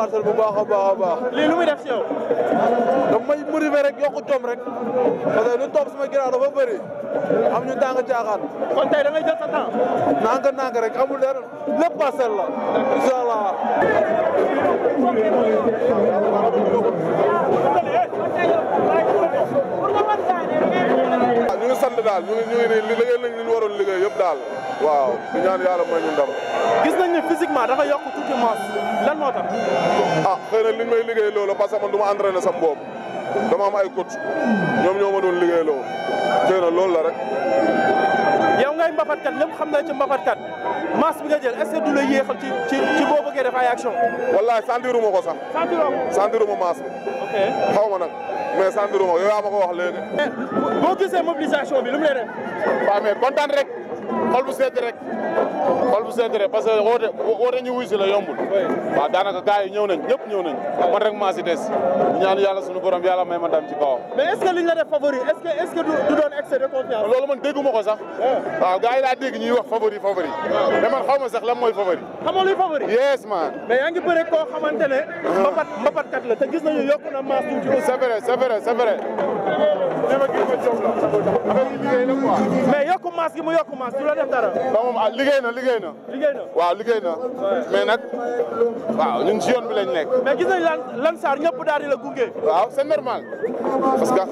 parcelle bu baax a baax a baax. lii lu muy def si yow. daf may rek yokku jom rek ma que lu topp sama ginnaaw dafa bëri am ñu tàng caaxaan. kon tey da ngay jël rek amul dara lépp parcelle la. incha sant daal ñu ngi ñu ngi nii liggéey nañ li ñu waroon liggéey yëpp daal waaw di ñaan yàlla may ñu ndam gis nañ ne physiquement dafa yokk tuuti masse lan moo tax ah xëy na liggéey loolu parce que man du ma entraîné sam boobu dama am ay coach ñoom ñoo ma doon liggéey loolu xëy na la rek yow ngay mbafatkat ñëpp xam nañ ci mbafatkat masse bi nga jël est-ce que du la yéexal ci ci ci boo bëggee def ay action ko sax sentiruma masse bi xaw ma nag mais sant yow yaa ma ko wax léegi. Eh, boo gisee mobilisation bi lu mu lay def. waaw mais kontaan rek. xol bu sedd rek xol bu sedd rek parce que woote woote ñu wuy si la yombul waaw daanaka gars man rek maa ko sax waaw gars laa dégg ñuy wax favori favori mais man xaw sax lan mooy favori xamoo luy favori yes man mais yaa ngi bëre koo xamante ne uh-huh. la te nañu yokk na maas tuuti c'est vrai c'est vrai mais yokku maas gi mu yokku maas du la def dara. non moom ah liggéey na liggéey na. liggéey na waaw liggéey na. mais nag waaw ñun si yoon bi lañ nekk. mais gis nañ lan lan saar ñëpp daal di la gunge. waaw c'est normal parce que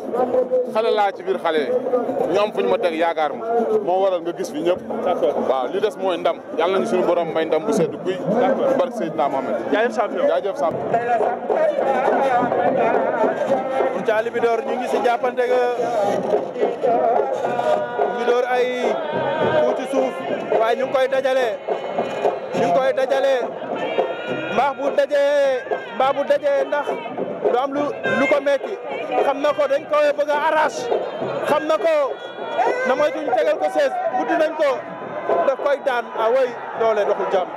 xale laa ci biir xale ñu am ma teg yaakaar ma moo waral nga gis fi ñëpp. d'accord waaw li des mooy ndam yàlla nañu suñu borom may ndam bu sedd guy. d'accord barke Seydina Mohamed. jaajëf champion jaajëf champion. Taalibi Dor ñu ngi si jàppante ngi door ay tuuti suuf waaye ñu koy dajale ñu mbaax bu dajee mbaax bu dajee ndax du am lu ko metti xam na ko dañ ko bëgg a arrache xam na ko na moytuñu tegal ko sees buddi nañ ko daf koy daan a doole doxul jàmm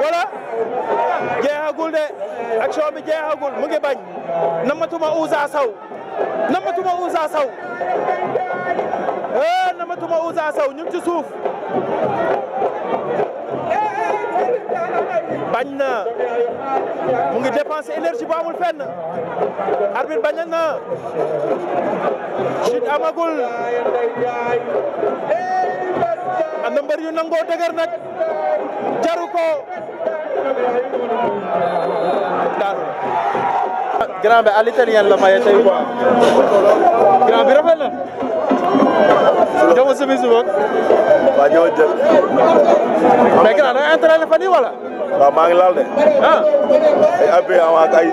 wala jeexagul de action bi jeexagul mu ngi bañ namatuma Ouza Sow namatuma Ouza Sow eh namatuma Ouza Sow ñu ngi ci suuf bañ na mu ngi dépenser énergie bu amul fenn arbitre bañ na chute amagul am na yu nangoo dëgër nag jaru grand bi à la maye tey quoi grand bi rafet na. jërëjëf semis bi boog. waaw ñoo jël. mais grand da nga entraîné fan yii maa ngi laal de. ah. ay abbe ay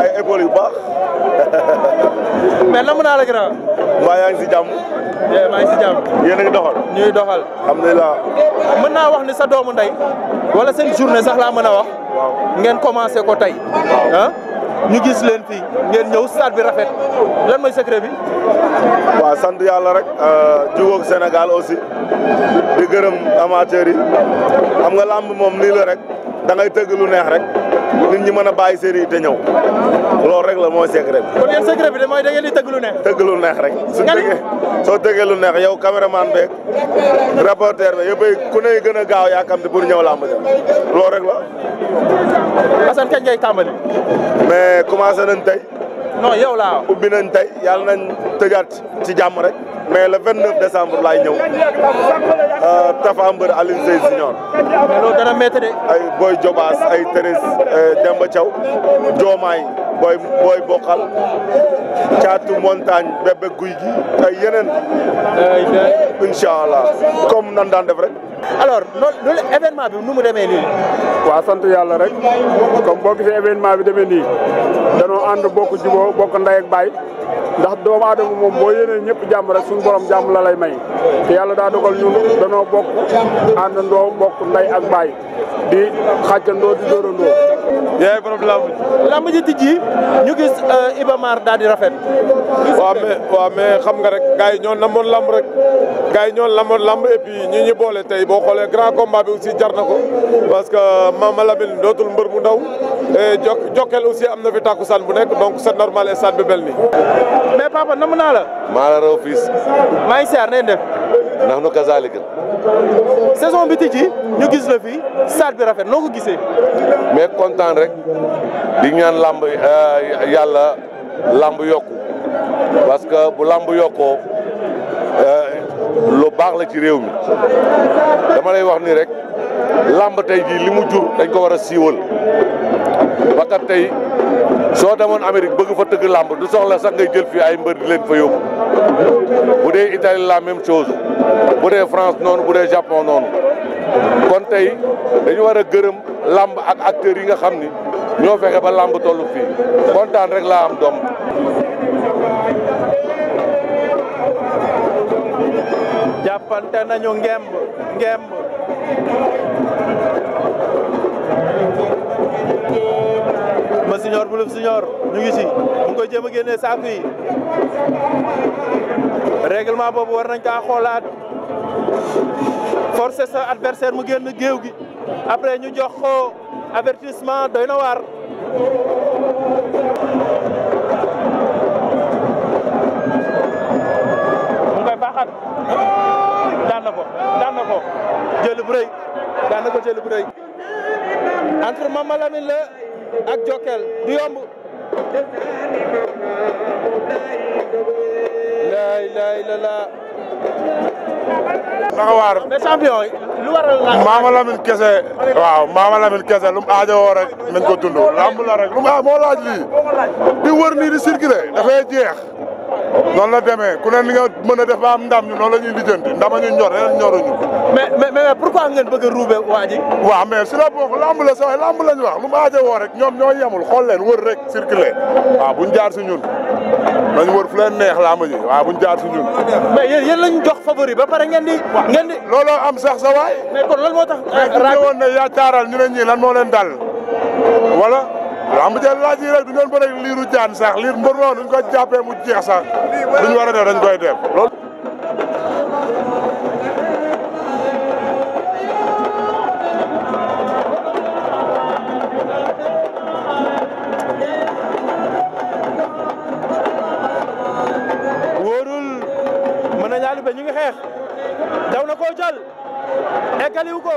ay école yu baax. mais namm naa la grand. mbaa ngi si yee maa ngi si jàmm. yéen a ngi doxal. ñuy doxal. alhamdulilah. mën naa wax ni sa doomu ndey. wala seen journée sax laa mën a wax. ngeen commencé ko tey ah ñu gis leen fi ngeen ñëw stade bi rafet lan mooy secret bi. waaw sant yàlla rek euh, jiwoog Sénégal aussi di gërëm amateurs yi xam nga làmb moom nii rek da ngay tëgg lu neex rek. nit ñi mën a bàyyi seen yi te ñëw loolu rek la mooy secret bi. kon yéen secret bi de mooy da ngeen di tëgg lu neex. rek. su tëggee soo tëggee lu neex yow caméraman beeg reporter beeg yëpp ku ne gën a gaaw yaakamte pour ñëw làmb ja loolu rek la. Assane kañ ngay tàmbali. mais commencé nañ tey. non yow laa ubbi nañ tey yàlla nañ tëjaat ci jàmm rek. mais le 29 décembre laay ñëw euh, Tafa Mbër Alioune Seye Junior. mais loolu dana métti de. ay Boy Jobaas ay Thérèse euh, Demba Thiaw Diomaay Boy Boy Bokkal caatu montagne bébé guy gi ay yeneen. incha comme nan daan def rek. alors loolu événement bi nu mu demee nii. waa sant yàlla rek comme boo gisee événement bi demee nii danoo ànd bokk jubóo bokk ndey ak baay. ndax doomu aadama moom boo yéenee ñëpp jàmm rek suñu borom jàmm la lay may te yàlla daa dogal ñun danoo bokk àndandoo bokk ndey ak baay di xàccandoo di dóorandoo yaay borom lamb ji. lamb ji tijji ñu gis euh, Iba Mar daal rafet. waaw mais waaw mais xam nga rek gars yi ñoo namoon lamb rek gars yi ñoo namoon lamb et puis ñi ñu boole tey boo xoolee grand combat bi aussi jar na ko parce que ma Mama Lamine dootul mbër mu ndaw et Jokal aussi am na fi takkusaan bu nekk donc c'est normal stade bi bel nii. mais papa namm naa la. maa la raw fils. maa ngi siyaar ne def. ndax nu kazaalika saison bi tijji ñu gis la fi stade bi rafet noo ko gisee. mais kontaan rek di ñaan làmb euh, yàlla làmb yokku parce que bu làmb yokkoo euh, lu baax la ci réew mi dama lay wax ni rek làmb tey jii li mu jur dañ ko war a siiwal bakat tey soo demoon Amérique bëgg fa tëgg làmb du soxla sax ngay jël fii ay mbër di leen fa yóbbu bu dee Italie la même chose. bu dee France noonu bu dee Japon noonu kon tey dañu war a gërëm làmb ak acteurs yi nga xam ni ñoo fexe ba làmb tollu fii kontaan rek laa am doom jàppante nañu ngemb ngemb ma siñoor bulub siñoor ñu ngi ci mu ngi koy jéem a génnee saaku yi boobu war nañ kaa xoolaat forcer sa adversaire mu génn géew gi après ñu jox ko avertissement doy na waar. mu ngi koy daan na ko daan na ko jëli bu daan na ko jëli bu entre Mama la ak Jokal du yomb. naka waar. mais champion lu waral la. Mama kese waaw Mama Lamine kese lu aaja aajowoo rek nañ ko dund lamb rek lu mu ah, moo laaj lii di wër nii di circulé dafay jeex. noonu la demee ku ne ni nga mën a def ba am ndam ñu noonu la ñuy lijjanti ndama ñu ñor yeneen ñoruñu. mais mais mais pourquoi ngeen bëgg a ruube waa ji. waaw mais si la bokk lamb la sa lamb lañ wax lu ma rek ñoom ñoo yemul xool leen wër rek circulé waaw bu jaar si ñun. nañ wër fu leen neex làmb ji waaw buñ jaar si ñun. mais yéen yéen lañ jox favori ba pare ngeen di. ngeen di looloo am sax sa waay. mais kon lan moo tax. mais woon ne yaa taaral ñu ne ñii lan moo leen dal wala. làmb ji laaj yi rek du ngeen bëri liiru jaan sax liir mbër noonu duñ ko jàppee mu jeex sa duñ war a def dañ koy def loolu. xeex daw na koo jël eggaliwu ko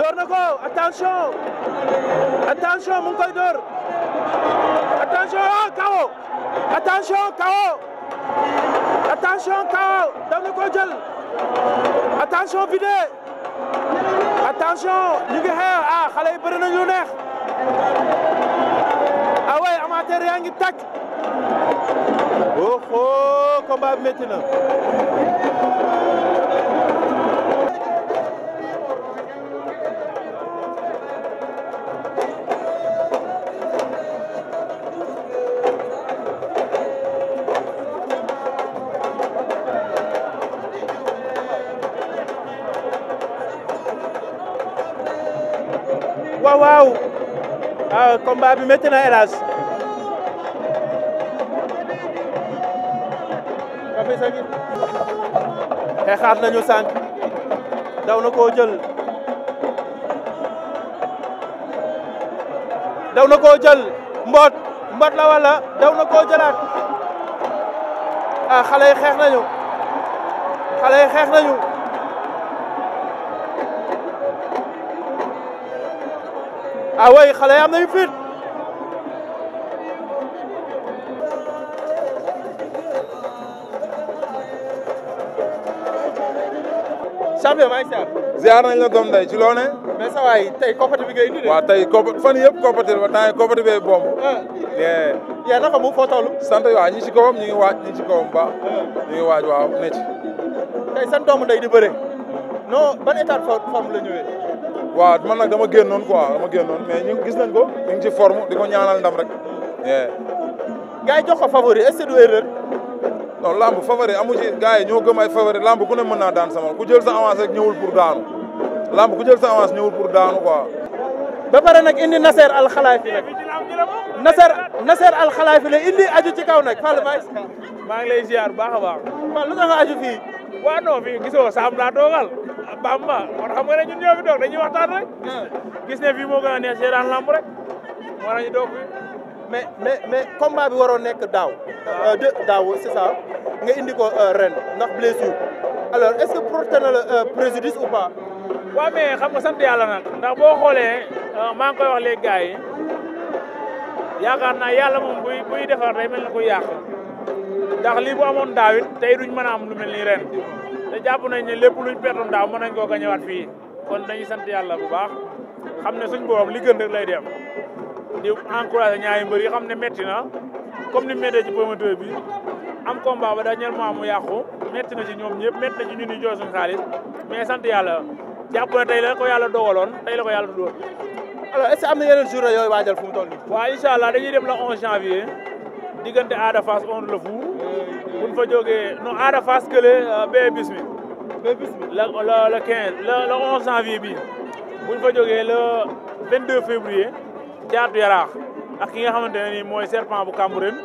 door na ko attention attention mu ngi koy door attention ah kawo attention kawo attention kawo daw na koo jël attention vidé attention ñu ngi xeex ah xale yi bëri nañu lu neex ah ouais amateur yaa ngi tàkk oho oh, combat bi métti na waaw waaw ah combat bi métti na hélas xeexaat nañu sànq daw na koo jël daw na koo jël mboot mboot la wala daw na koo jëlaat ah xale xeex nañu xale yi xeex nañu ah way am nañu fit Père maa ngi ziar. ziar nañ la doom day ci loone mais sa waay tey coopérative bi ngay indi de. waaw tey coop fan yëpp coopérative ba temps yii coopérative bi bomb. Ah. yaa naka mu foo toll. sant waaw ñi ci kawam ñu ngi waaj ñi ci kawam ba ah. ñu ngi waaj waaw ne tey di bëre. non ban état de forme la ñëwee. waaw man nag dama génnoon quoi dama génnoon mais ñu gis nañ ko ñu ngi ci forme di ko ñaanal ndam rek. gars yi jox ko favori est du erreur. non lamb favori amu ci gars yi ñoo gëm ay favori lamb ku mën naa daan sama ku sa avance ñëwul pour daanu lamb ku sa avance ñëwul pour daanu quoi. ba pare indi Nasser Al Khelaïfi nag Nasser Nasser Al Khelaïfi la indi aju ci kaw nag Fall Baye. maa ngi lay ziar baax a baax. Fall lu tax nga aju fii. waaw non fii gisoo Samb laa toogal Bamba kon xam nga ne ñun fi doog dañuy waxtaan rek. Ah. gis ne fii moo gën a neex lamb rek mais mais mais combat bi waroon nekk daaw. Euh, de daaw c'est ça nga indi euh, ren ndax blessure alors est-ce que porté na la euh, préjudice ou pas. xam nga sant yàlla nag ndax boo xoolee maa ngi koy wax léegi gars yi yaakaar naa yàlla moom buy buy defar day mel ni kuy yàq ndax lii bu amoon daaw te tey duñ mën a am lu mel nii ren te jàpp nañ ne lépp luñ pertoon ndaaw mën nañ koo gañewaat fii kon dañuy sant yàlla bu baax xam ne suñ boobam li gën rek lay def di encouragé ñaari mbër yi xam ne métti na comme ni méttee ci promoteur bi am combat ba dañeel mois mu yàqu métti na ci ñoom ñëpp métti na ci ñu ni jooy suñu xaalis mais sant yàlla jàpp na tey la ko yàlla dogaloon tey la ko yàlla dugaloon. alors est ce que am na yeneen journée yooyu waajal fu mu toll nii. waaw incha allah dañuy dem la 11 janvier diggante Ada Fass on le fou buñ fa jógee non Ada Fass kële euh, bee bis mi. bee bis mi la la le 15 la le 11 janvier bi buñ fa jógee le 22 février. caatu yaraax ak ki nga xamante ne nii mooy serpent bu Cambérène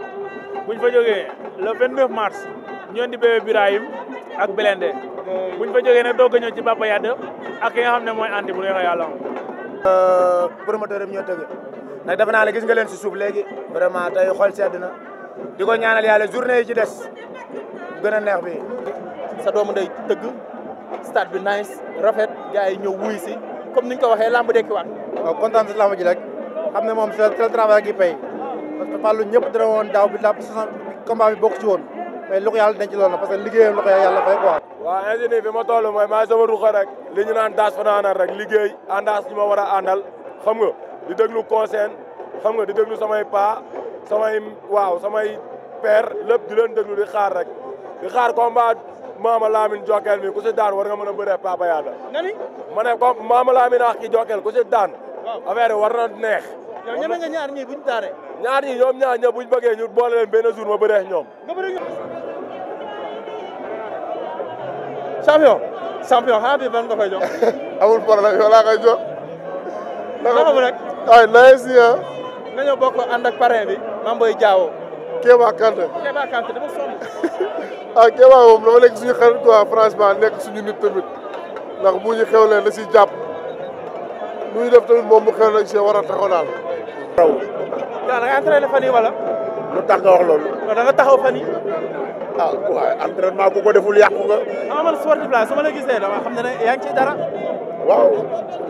buñ fa jógee le 29 mars ñoon di bébé Birahim ak Belende buñ fa jógee ne doog a ñëw ci Papa Yade ak ki nga xam ne mooy anti bu neexee yàlla euh, promoteur am ñoo tëgg nag defe naa ne gis nga leen si suuf léegi vraiment tey xool sedd na di ko ñaanal yàlla journée yi ci des gën a neex bi sa doomu ndey tëgg stade bi nice rafet gars yi ñëw wuy si comme niñ ko waxee lamb dekkiwaat waaw kontaan si lamb ji rek am ne moom c'est le travail qui paye parce que daaw bi la combat bi bokk ci woon mais lu ko yàlla denc loolu la parce que liggéeyam lu ko yàlla fay quoi. waaw ingénieur bi ma toll mooy rek li ñu naan daas liggéey àndaas ñu ma war a àndal xam nga di déglu conseil xam nga pa samay waaw samay père lépp di leen déglu di xaar rek di xaar combat maama Lamine mi ku si war nga mën a bëree Papa Yada. nga ni ma ne comme maama Lamine ak ki Jokal ku si daan. affaire war na neex. yow ñeme nga ñaar ñii buñ taaree. ñaar ñii ñoom ñaar ña buñ bëggee ñu boole leen benn jour ma bëree ñoom. nga bëri ñoom. champion. champion xanaa bi ban nga koy jox. amul problème yow laa rek ay naaj si ah. nañoo bokk ànd ak parrain bi. Mame Boye Diao. Kéba Kanté. Kéba Kanté dama sonn. ah Kéba moom dafa nekk suñu xarit quoi franchement nekk suñu nit tamit ndax bu ñu xewlee na si jàpp. lu ñu def tamit moom mu xew la si war a taxaw daal. raw. waaw da nga entraîné fan yii wax loolu. da nga taxaw fan yii. ah waaw entraînement ku ko deful ah, man sportif laa su ma la gisee dama dara. waaw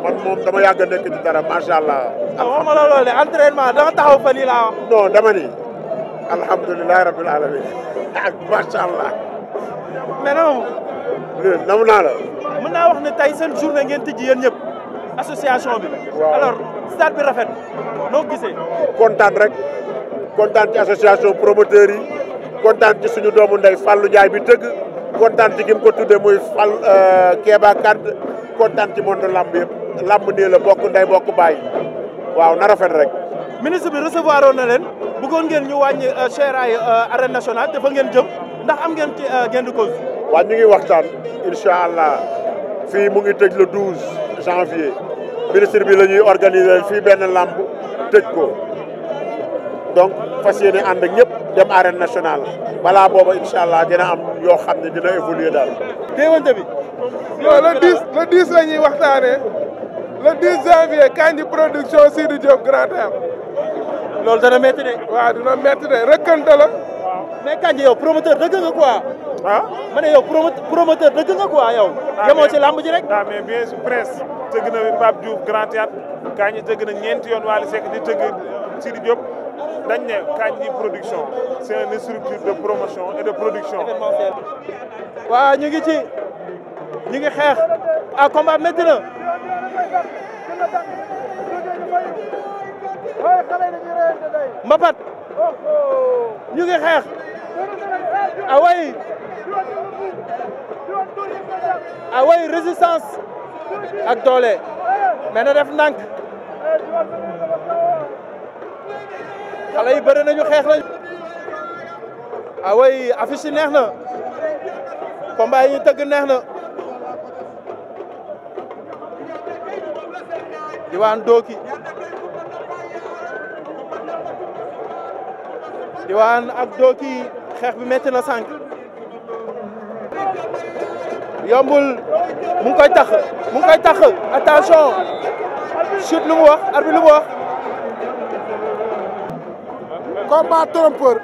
man moom dama yàgg a nekk ci dara macha allah. waaw ah, waxuma la loolu de entraînement da taxaw fan yii laa wax. non dama ni. alhamdulilah rabbil alamin ak ah, macha naa la. mën naa wax ne tey seen journée ngeen tijji yéen ñëpp. association bi. alors stade bi rafet noo gisee. kontaan rek kontaan ci association promoteurs yi kontaan ci suñu doomu ndey Fallou Ndiaye bi tëgg kontaan ci ki ko tuddee muy Fall euh, Kéba Kade kontaan ci mont lamb yëpp lamb nii bokk ndey bokk bàyyi waaw na rafet rek. ministre bi recevoir na leen bëggoon ngeen ñu wàññi cher euh, ay euh, arène te fa ngeen jëm ndax am geen ci gain de waa ñu ngi waxtaan incha allah fii mu ngi tëj le 12 janvier. ministre bi la ñuy organiser fii benn làmb tëj ko donc fas yéene ànd ñëpp dem arène national balaa booba incha allah dina am yoo xam ne dina évoluer daal. déwante bi. non le 10 le 10 la ñuy waxtaanee le 10 production Sidi Diop Grand Théâtre. dana métti de. waaw dina métti de rëkkante la. mais Kandji yow promoteur dëgg nga ah ma ne yow promoteur dëgg nga quoi yow. Ah, yemoo ci làmb ji rek. ah mais bien sûr tëgg na Pape Diouf Grand Théâtre Kañ tëgg na ñeenti yoon Wally Seck di tëgg Sidi Diop dañ ne Kañ production c' est une structure de promotion et de production. waaw ñu ngi ci ñu ngi xeex ah combat métti na. Mbapat ñu ngi xeex. away ah away ah résistance ak doole mais na def ndànk xale nañu xeex nañu away ah affiche yi neex na combat yi ñu tëgg neex na diwaan dooki diwaan ak dooki xeex bi métti na sànq yombul mu ngi koy tax mu ngi tax attention chute lu wax arbitre lu mu wax. combat trompeur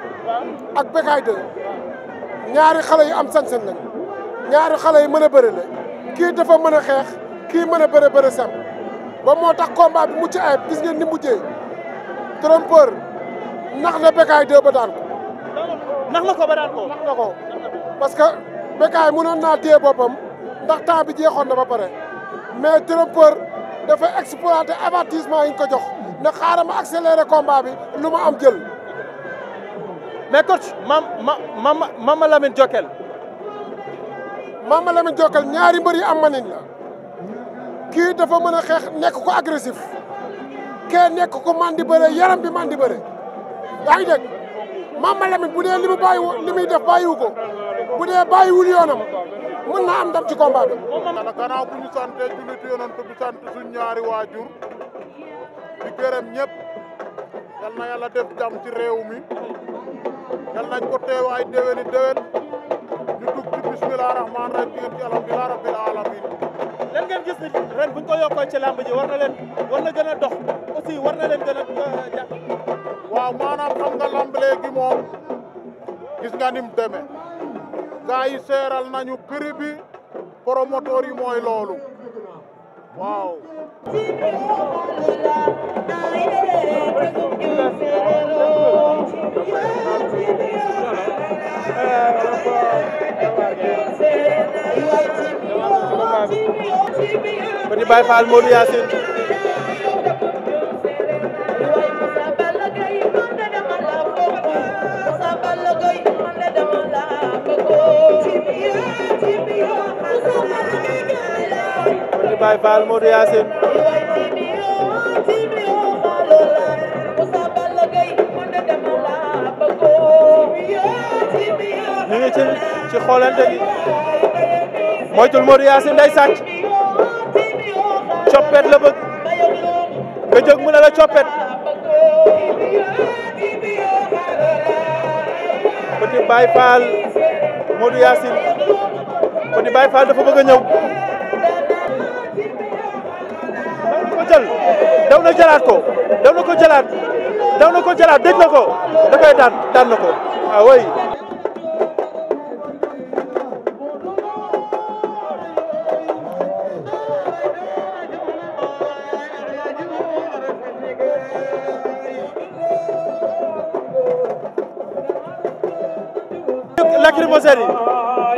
ak Bécaye 2 ñaari xale yu am sañ-sañ ñaari xale yi mën a bëri la kii dafa mën a xeex kii mën a bëre bëre sam ba moo tax combat bi mucc ayib gis ngeen ni mujjee trompeur nax na Bécaye 2 ba daan nax na ko ba daan ko nax na ko parce que Bécaye mënoon naa téye boppam ndax temps bi jeexoon na ba pare mais trompeur dafa exploité avertissement yi ko jox na xaaral ma accéléré combat bi ma am jël. mais coach mam ma ma Mama Lamine Jokkel. Mama Lamine Jokkel ñaari mbër yi am manin la kii dafa mën a xeex nekk ko agressif kee nekk ko mandi bëre yaram bi mandi bëre yaa ngi Mama Lamine bu dee li mu bàyyi li muy def bàyyiwu ko bu dee bàyyiwul yoonam mën naa am ci combat bi. yàlla gannaaw bu ñu sant jullit yonent waajur di gërëm ñëpp yal na def jàmm ci réew mi ko teew ay déwéni ñu dugg ci bismillah rahmaan rahim di ngeen ci alhamdulilah rabbil alamin ren buñ ko yokkoo ci làmb war na leen war na gën a dox war na leen gën a euh, jàpp waaw maanaam xam nga lamb léegi moom gis nga nim deme gars yi seeral nañu prix bi mooy loolu waaw ko di Baye Fall Modou Yacine Baye Fall Modou Yacine ñu ci xoolante gi moytul Modou Yacine day sàcc coppet la bëgg nga mu ne la coppet Petit Baye Fall Modou Yacine Petit dafa bëgg a daw na jëlaat ko daw na ko jëlaat daw na ko jalaat dëj na ko da koy daan daan na ko waaw ah, way lacrymogène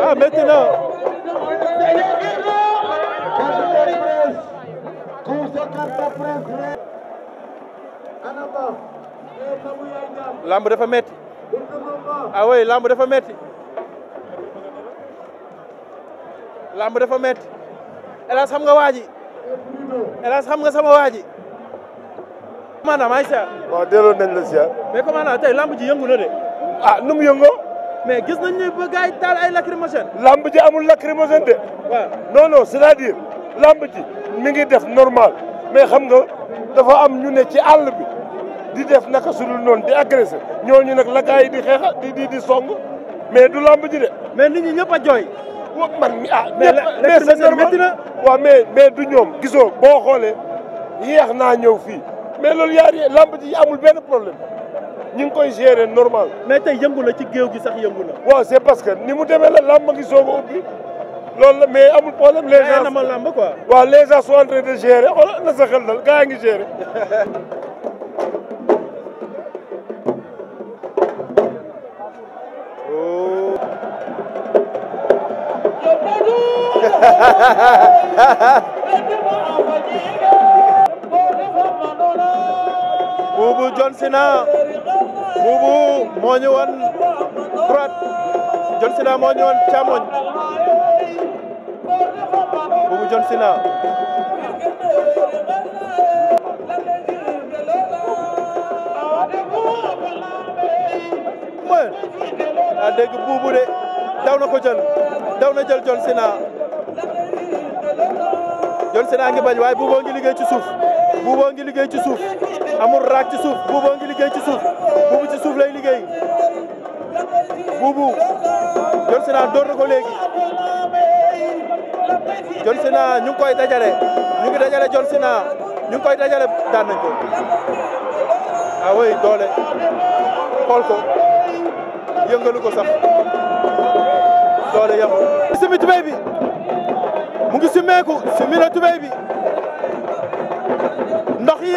ah lamb dafa metti ah oui lamb dafa metti lamb dafa metti hélas xam nga waaji hélas xam nga sama waaji commandant maa ngi siyaar waaw delloo nañ lamb ji yëngu na de ah nu mais gis nañ ne ba gars taal ay lacrymogène. lamb ji amul lacrymogène de. waaw non non c'est-à-dire lamb ji mi ngi def normal mais xam nga dafa am ñu ne ci àll bi di def naka su dul noonu di agressé ñooñu nag la gars yi di xeexa di di song mais du lamb ji de. mais nit ñi ñëpp a jooy. wa man mi ah. mais mais c'est normal mais mais du ñoom gisoo boo xoolee yéex naa ñëw fii mais loolu yaa lamb yi amul benn problème. ñu ngi koy gérer normal. mais tey yëngu na ci géew gi sax yëngu na. waaw c'est parce que ni mu demee la làmb gi soog a ubbi la mais amul problème. les gens na ma làmb quoi. waaw les gens sont en de gérer xoolal na sa xel dal gaa ngi gérer. Oh. Boubou John Sina buubu moo ñu woon droite John Sina moo ñu woon càmmoñ buubu John Sina a buubu de daw na ko jël daw na jël John Sina John Sina ngi bañ waay buuboo ngi liggéey ci suuf buuboo ngi liggéey ci suuf amul raak ci suuf buuboo ngi liggéey ci suuf suuf lay liggéey buubu John Sena door na ko léegi John Sena ñu ngi koy dajale ñu ngi dajale John Sena ñu ngi koy dajale daan nañ ko ah doole xool ko yëngalu ko sax doole yem simi tubéy bi mu ngi simeeku simi na tubéy bi ndox yi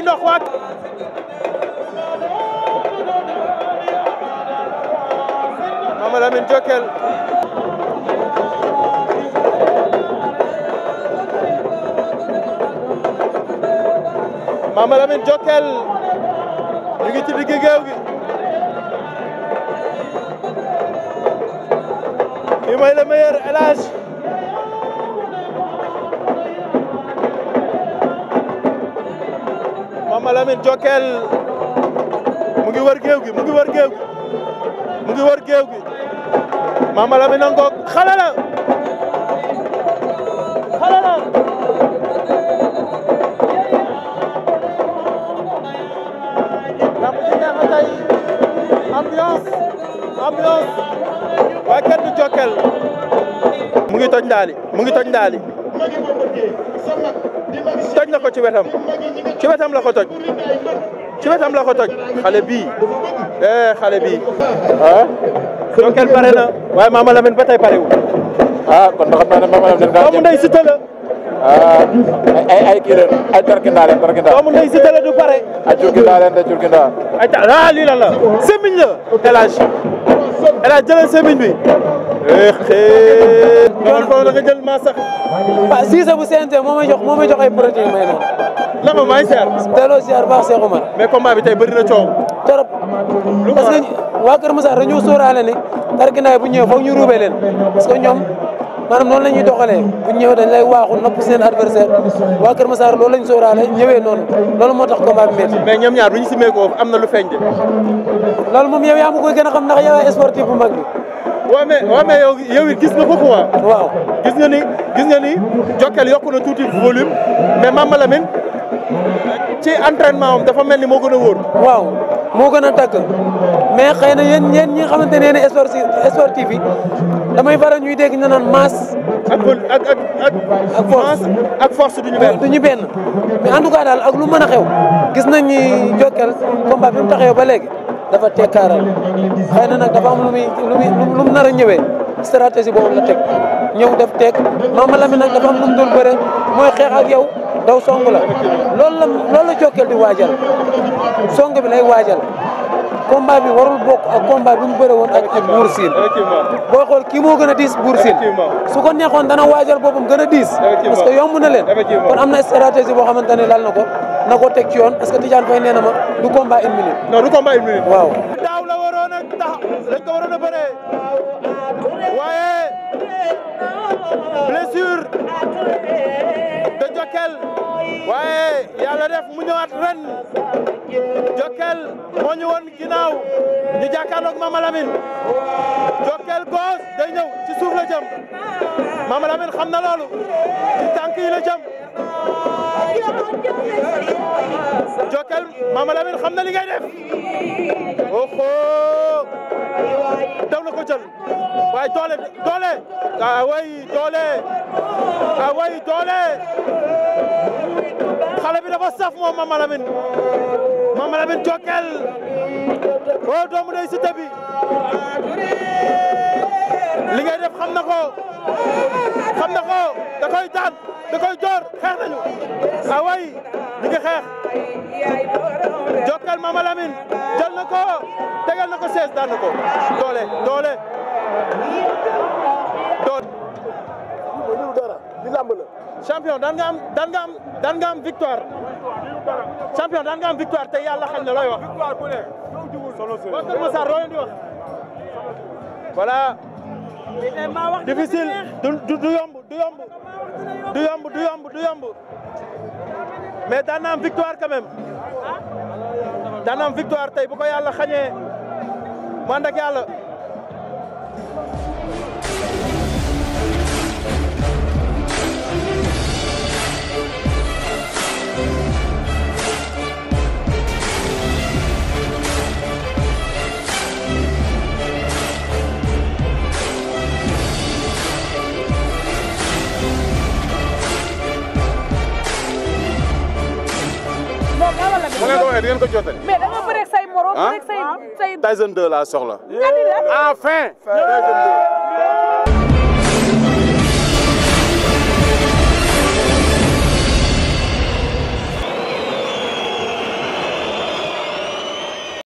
ndox waat Ibrahima Lamine Jokkel Mama Lamine Jokkel ñu ngi ci digg géew gi li mooy le meilleur El Hadj Mama Lamine Jokkel mu ngi wër géew gi mu gi mu ngi gi Mama Lamine a ngoog xale la xale la ndax bu ñu neexee tey ambiance ambiance waaye kenn du Jokal mu ngi toj ndaali mu ngi toj ndaali toj na ko ci wetam ci wetam la bii eh xale bii ah Jonkel pare na waaye Mama Lamine ba tey pare wu. ah kon xam naa ne Mama Lamine dañ doomu ndey Siteu la. Ah, ay ay ay tarkindaa leen tarkindaa. doomu ndey Siteu la du pare. ay jurgindaa leen de ay ta ah lii lan la semiñ la El Hadj El Hadj jëlee semiñ bi. xëy na loolu foofu la nga jël maa sax. waaw Cissé bu CNT moo may jox moo may jox ay protéines may na. la ma maay seer. delloo seer baax Cheikh Oumar. mais combat bi tey bëri na torop parce que waa Kër Massar dañoo sóoraale ne tarkinaay bu ñëwee foog ñu ruubee leen parce que ñoom maanaam noonu la ñuy bu ñëwee dañ lay waaxu nopp seen adversaire waa Kër Massar loolu lañ sóoraale ñëwee noonu loolu moo tax combat bi métti mais ñoom ñaar bu ñu simee ko am na lu feeñ de loolu moom yow yaa ma koy gën a xam ndax yow sportif bu mag bi waaw mais gis nga ko quoi. waaw gis nga ni gis nga ni Jokal yokku na tuuti volume mais Mama Lamine ci entraînement am dafa mel ni moo gën a wóor. waaw moo gën a tàgg mais xëy na yéen ñeen ñi nga xamante ne ne sportif sportif yi damay faral ñuy dégg na naan masse. ak ak ak ak force ak force du ñu benn du ñu benn en tout cas daal ak lu mën a xew gis nañ ni Jokal combat bi mu taxawee ba léegi dafa tekkaaral xëy na nag dafa am lu muy lu mu nar a ñëwee stratégie boobu la teg ñëw def teg a Lamine nag dafa am lu mu dul bëre mooy xeex ak yow. daw song la loolu la loolu la Jokal di waajal song bi lay waajal combat bi warul bokk ak combat bi mu bëre woon ak ak Bour Sine xool kii moo gën a diis Bour Sine su ko neexoon dana waajal boppam gën a diis parce yomb na leen kon am na stratégie boo xamante ne lal na ko na ko teg ci yoon parce que Tidiane Faye nee na ma du combat une minute non du combat waaw la waroon a tax dañ ko waroon a bëree waaye yàlla def mu ñëwaat ren Jokal moo ñu woon ginnaaw ñu jàkkaarloog Mama Lamine Jokal gauche day ñëw ci suuf la jëm Mama Lamine xam na loolu ci tànk la jëm Jokal Mama Lamine xam na li ngay def daw na ko jël waaye doole doole ah way doole ah way doole xale bi dafa oh, ngay def xam na ko xam na ko da koy daan joor xeex nañu ah waay xeex Jokkel Mama Lamine jël na ko tegal na ko sees daan na ko doole doole doole. champion daan nga victoire champion daan victoire te yàlla xam ne looy wax. waaw Kër Masar loo leen di difficile du yomb du yomb du yomb mais daan victoire quand même victoire tey bu ko yàlla xañee mu ànd yàlla. ngeen ko waxee di ngeen ko jotee. mais da nga bëreeg say morom. Ah? bëreeg say say. Tyson 2 laa soxla. enfin. Ah, Tyson 2.